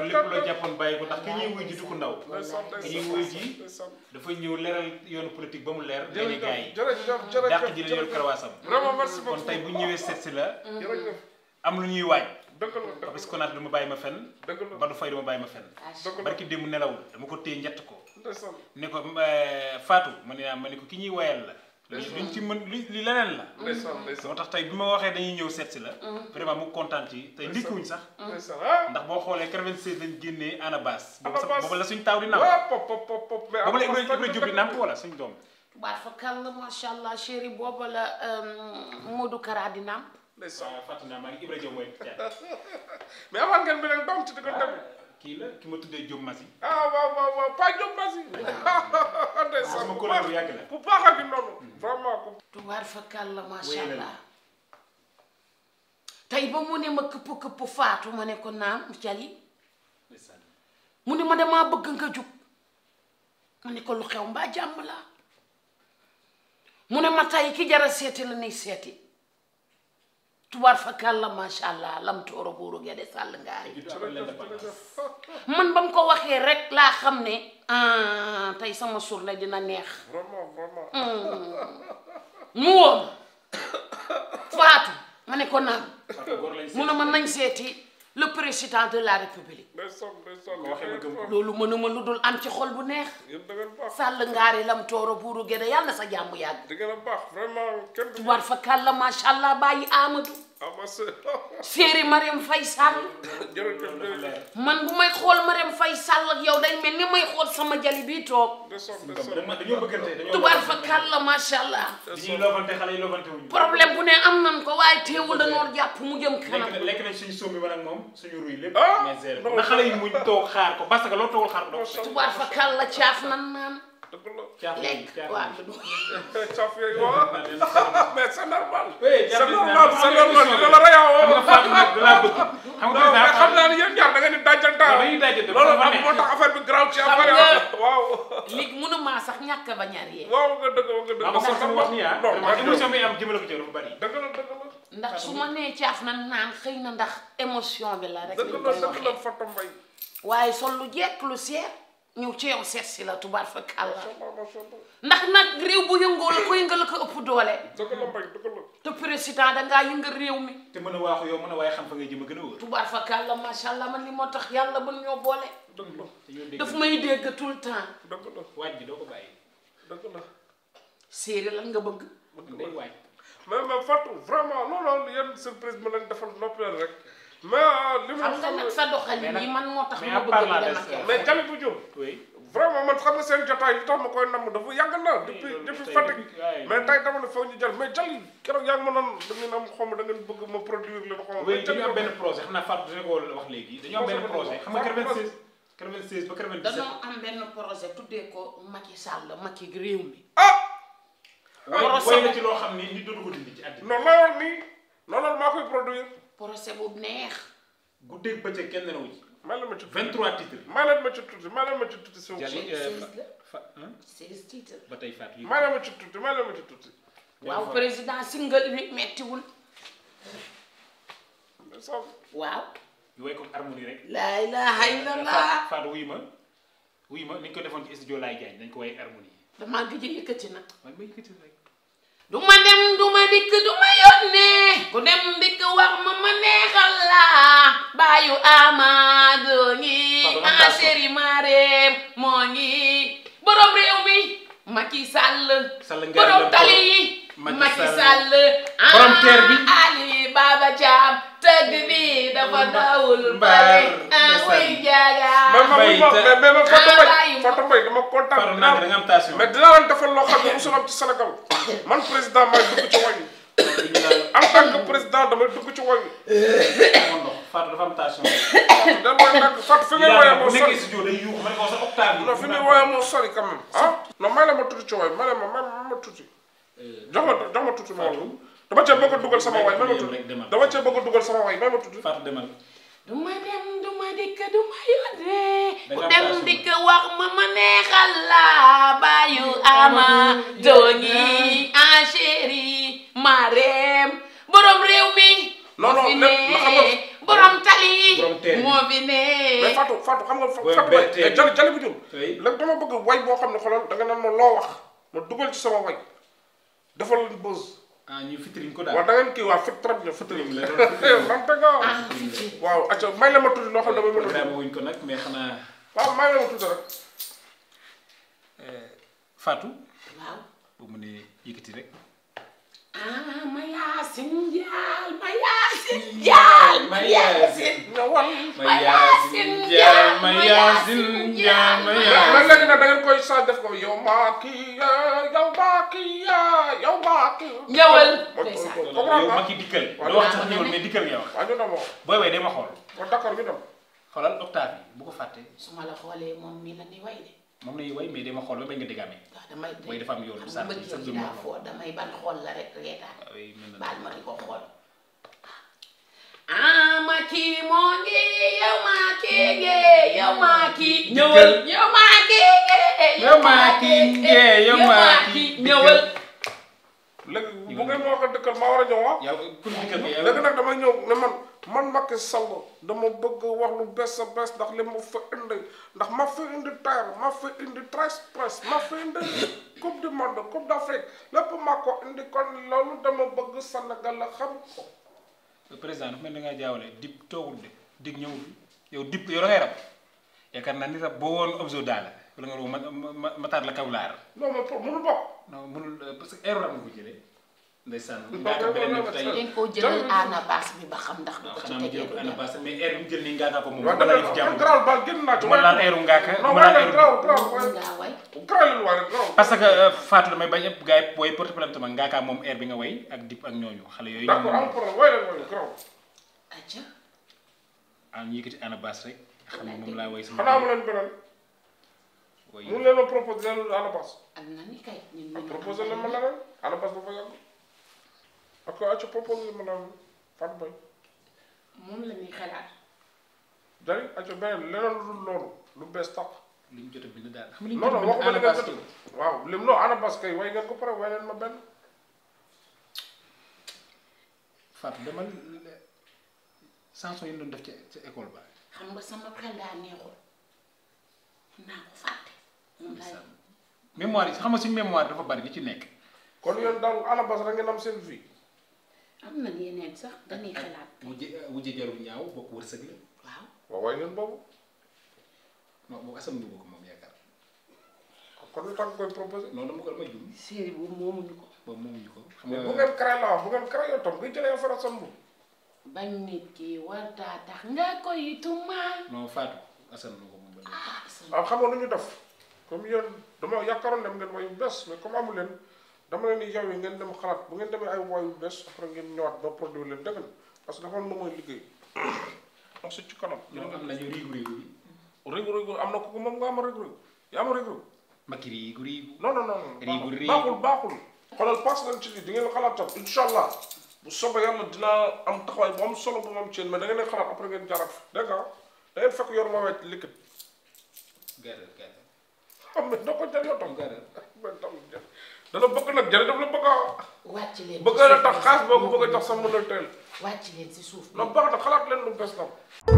moytu lépp loo jàppoon bàyyi ko ndax ki ñuy wuy ji du ko ndaw. ki ñuy wuy ji dafa ñëw leeral yoonu politique ba mu leer. jërëjëf jërëjëf jërëjëf jërëjëf dàq ji la yor karawaasam. kon tey bu ñëwee seet si la. Mm. am lu ñuy waaj. dëgg la parce que konaat du ma bàyyi ma fenn. dëgg la Badou Faye du ma bàyyi ma fenn. Ah, dëgg barki démb nelawul dama ko téye njett ko. ne ko euh, Fatou ma ne ma ne ko ki ñuy wayal la luñ ci mën li li leneen la moo tax tey bi ma waxee dañuy ñëw seet si la mm. vraiment mu kontaan ci tey ndikkuñ mm. ah. boo xoolee 96 lañ génnee Anabas boobu la suñ taaw di nàmp boobu la Ibra Ibra Diop di nàmp wala suñ doom tubaar fa kàll macha allah chéri booba la euh, Modou Kara di nàmp mais avant ngeen beneen doom ci dëgg ah, kii la ki ma tuddee Diop Massi. ah waaw waaw waaw Pa Diop Massi. ndeysaan bu baax bu baax a ngi noonu. Tuar ko tubaar allah tey ba mu ne ma kep kep faatu mo ne ko nam jali mo ne ma dama beug nga juk mo ne ko lu xew mba jam la mo ne ma tay ki jara seti la ni seti fa allah lam toro buuru gede sal ngaari man bam ko waxe rek la xamne ah tey sama journée dina neex. vraiment vraiment. mu woo Fatou ma ne ko naam. mu ne nañ seeti le président de la république. loolu mënuma lu dul am ci xol bu neex. sàll ngaari lam tooro buuru gën a yàlla sa jàmm yàgg. dëgg la baax vraiment kenn war fa kàlla macha allah bàyyi Amadou. ah ma soeur. séeri Marème Faye Sall. man bu may xool Marème Faye Sall ak yow day mel ni may xool sama jali bii toog. dañoo bëggante dañoo tubaar fa kàlla macha allah. dañuy lobante xale yi lobante wuñu. problème bu ne am nan ko waaye teewul dañoo jàpp mu jëm kanam. lekk lekk nañ suñu sombi man ak moom suñu ruy lépp. Ah, mais zéro na xale yi muñ toog xaar ko parce que loo toogul xaar ko. tubaar fa kàlla caaf nan naan. dëgg la lekk waaw dëgg la. caaf yooyu waaw mais c'est normal. c'est normal c'est normal dina la rey woo. xam nga mais xam naa ne yéen ñaar da ngeen di dajjantaa. loolu am moo tax affaire bi garaaw ci affaire yi waaw. léegi mënuma sax ñàkk ba ñaar yéen. waaw nga dëgg nga dëgg. ndax sax wax ni ah émission bi am jëmale ko ci dafa bari. dëgg la dëgg la. ndax su ma nee caaf na naan xëy na ndax émotion bi la rek. dëgg la dëgg la Fatou Mbaye. waaye sol lu jekk lu seer ñëw ci yow seet si la tubaar fa kàlla ndax nag réew bu yëngoo la ko yëngal ko ëpp doole. dëgg la bañ dëgg la. te président da yëngal réew mi. te mën a waaxu yow mën waaye xam fa ngay jëm a gën a wóor. tubaar fa kàlla macha allah man li moo tax yàlla ba ñoo boole. dëgg la daf may dégg tout le temps. dëgg la waaj bi doo ko bàyyi. dëgg la. séeréer lan nga bëgg. bëgg waaj. mais mais Fatou vraiment loolu yéen surprise ma leen defal noppi rek. mais euh, li ma xam nga nag sa doxalin yi man moo tax ma bëgg a dem mais Jami bu Diop vraiment man xam na seen jotaay li tax ma koy namm dafa yàgg na depuis depuis Fatick mais tey dama ne foog ñu jël mais jël keroog yaa ngi ma noonu da ngeen am xom da ngeen bëgg ma produire leen xom oui dañu am benn projet xam naa Fatou dina ko wax léegi dañu am benn projet xam nga 96 96 ba 97 dañoo am benn projet tuddee ko Macky Sall Macky réew mi ah boy na ci loo xam ni ñu dund ko dindi ci àddina non ma wax nii non non maa koy produire procès bu neex. guddeeg bëccëg kenn rew ji. maanaam ma ci tuuti ma ci tuuti maanaam ma ci tuuti. Euh, soo ba tey Fatou maanaam ma ci tuuti maanaam ma ci tuuti. waaw président single bi mettiwul. waaw. yu way ko harmonie rek. la ilaha illallah Fatou wuyu ma wuyu ma ni ko defoon ci studio Laye Diagne dañ ko way harmonie. damaa gëj a nag. man dem du dikk du ma yónnee. ku dem di yaayu Amadou ngi Anseri Marème moo ngi borom réew mi Macky Sall. Sall ngeen borom tali yi. Macky Sall borom teer bi ah, Ali Baba Thiam tëgg bi dafa dawul. mbaar muy jaaga. mbay te mais ma Fatou ah, Mbaye Fatou Mbaye dama kontaan. par rapport ak da nga am station mais dinaa leen defal loo xam ne mosul am ci Sénégal man président maa dugg ci wàññi. en tant que président damay dugg ci woy bi. Fatou dafa am tension. da mooy nag Fatou fi muy woyee moo sori non fi muy woyee moo sori quand même ah. non may la ma tuuti ci woy may la ma ma ma tuuti jox ma jox ma tuuti ma woy dama cee bëgg a sama woy may ma tuuti dama a dem du dikk du ma yónnee dem dikk wax ma ma neexal la baayu ama doo moo fi nee mais Fatou Fatou xam nga Fatou waay jali jali bu jul la dama bëgg way boo xam ne xoolal da nga naan ma loo wax ma dugal ci sama way dafa lan buzz ah ñu ko daal waaw da ngeen kii waaw fit trop ñu fitiriñ la xamte ah, nga may la ma tudd loo xam ne a ko may la ma tudd rek eh, Fatou waaw bu mu ne yëkkati rek ah ma yaasin jaal ma yaasin jaal ma yaasin ma yaasin jaal ma yaasin jaal ma yaasin. lan léegi nag da ngeen koy saa def ko yow maa kii yow maa kii yow maa kii. ñëwal. yow ma kii dikkal. waaw wax sax ñëwal mais dikkal nga wax. waaw ñu ne ma wax. booy way day ma xool. kon d'accord ñu dem. xoolal octave bi bu ko fàtte. su ma la xoolee moom mii la ñuy way de. moom la ñuy way mais day ma xool ba bañ nga dégg amee. waaw damay damay dafa am yoon. sànq sànq bi ma xool damay ban xool la rek reetaan. Ah, baal ma di ko xool ah. maa kii moo ngi yow maa kii ngee yow maa kii ñëwal yow maa kii ngee yow maa kii ngee yow maa kii ñëwal léegi bu ngeen moo ko dëkkal maa war a ñëw ah léegi nag dama ñëw ne man man Macky Sall dama bëgg wax lu bees a bees ndax li ma fa indi ndax ma fa indi terre ma fa indi presse ma fa indi coupe du monde coupe d'Afrique lépp maa ko indi kon loolu dama bëgg Sénégal la xam ko président dafa mel ni da jaawale dip toogul de dig ñëw yow dip yow da ngay rab yaakaar naa ni rab boo woon obso daal la wala nga woo ma mataar la kawlaar. non ma pour mënul bokk. non mënul euh, parce que erreur am nga ko jëlee. ndeysaan ngaaka beneen bi tey dañ koo jëlal anabas bi ba xam ndax. waaw xanaa mu jël ko anabas mais erreur mu jël nii ngaaka ko moom. waaw dama la gën naa ci ma naan ma naan airu. parce que euh, Fatou damay bañ ëpp gars yi booy porte problème tamit ngaa kaa moom air bi nga way ak dip ak ñooñu xale yooyu. d'accord amul problème way leen way garaw. atia. ah ñu yëkkati ana baas rek. xam ne moom laa way sama. xanaa mu leen beneen. oui mu leen ma proposé leen ana baas. am na ni kay ñun ñu. proposé leen ma leneen ana baas ba fa yàgg. ak atia proposé leen ma leneen Fatou Boye. moom la ñuy xalaat. jërëjëf atia beneen leneen lu dul loolu lu bees tàq. lim ñu jot no bind daal xam nga non non waxuma li nga waaw lim no, anabas kay way ngeen ko pare way leen ma benn Fatou dama sanson yi doon def ci ci école ba xam nga sama xel daa neexul naa ko fàtte mémoire yi xam nga suñ mémoire dafa bari li ci nekk kon yoon daal anabas rek ngeen am seen vie am na yeneen sax dañuy xalaat wujje wujje ñaaw bokk wërsëg la waaw waaw ngeen boobu Kan mau boobu Assane Ndiobo ko moom yaakaar kon lu tax koy proposé non dama ko dama juum. série boobu moomuñu ko. boobu moomuñu ko. bu ngeen créé la bu ngeen créé yow tam buy jëlee faral sa bañ nit ki war tax nga koy tuumaal. non Fatou Assane la ko moom ba léegi. waaw xamoon nañu def comme yéen dama yaakaaroon dem ngeen wayu bés mais comme amu dama leen di yow ngeen dem xalaat bu ngeen ay après ngeen ba leen parce que dafa su ci kanam. am nañu riigu riigu rigu rigu am na ko moom nga ama rigu rigu yaa ma rigu rigu makki rigu rigu non non non rigu rigu baaxul baaxul xoolal pass leen ci lii di ngeen xalaat tam incha allah bu soobee yàlla dinaa am taxawaay bu am solo bu moom ci yéen mais da ngeen di xalaat après ngeen jaaraat dégg nga da ngeen fekk yor ma wet liquide gerte gerte nag jërë la bëgg a. wàcc leen bëgg a tax xaas boobu bëgg a tax sa mën a teel. wàcc leen si na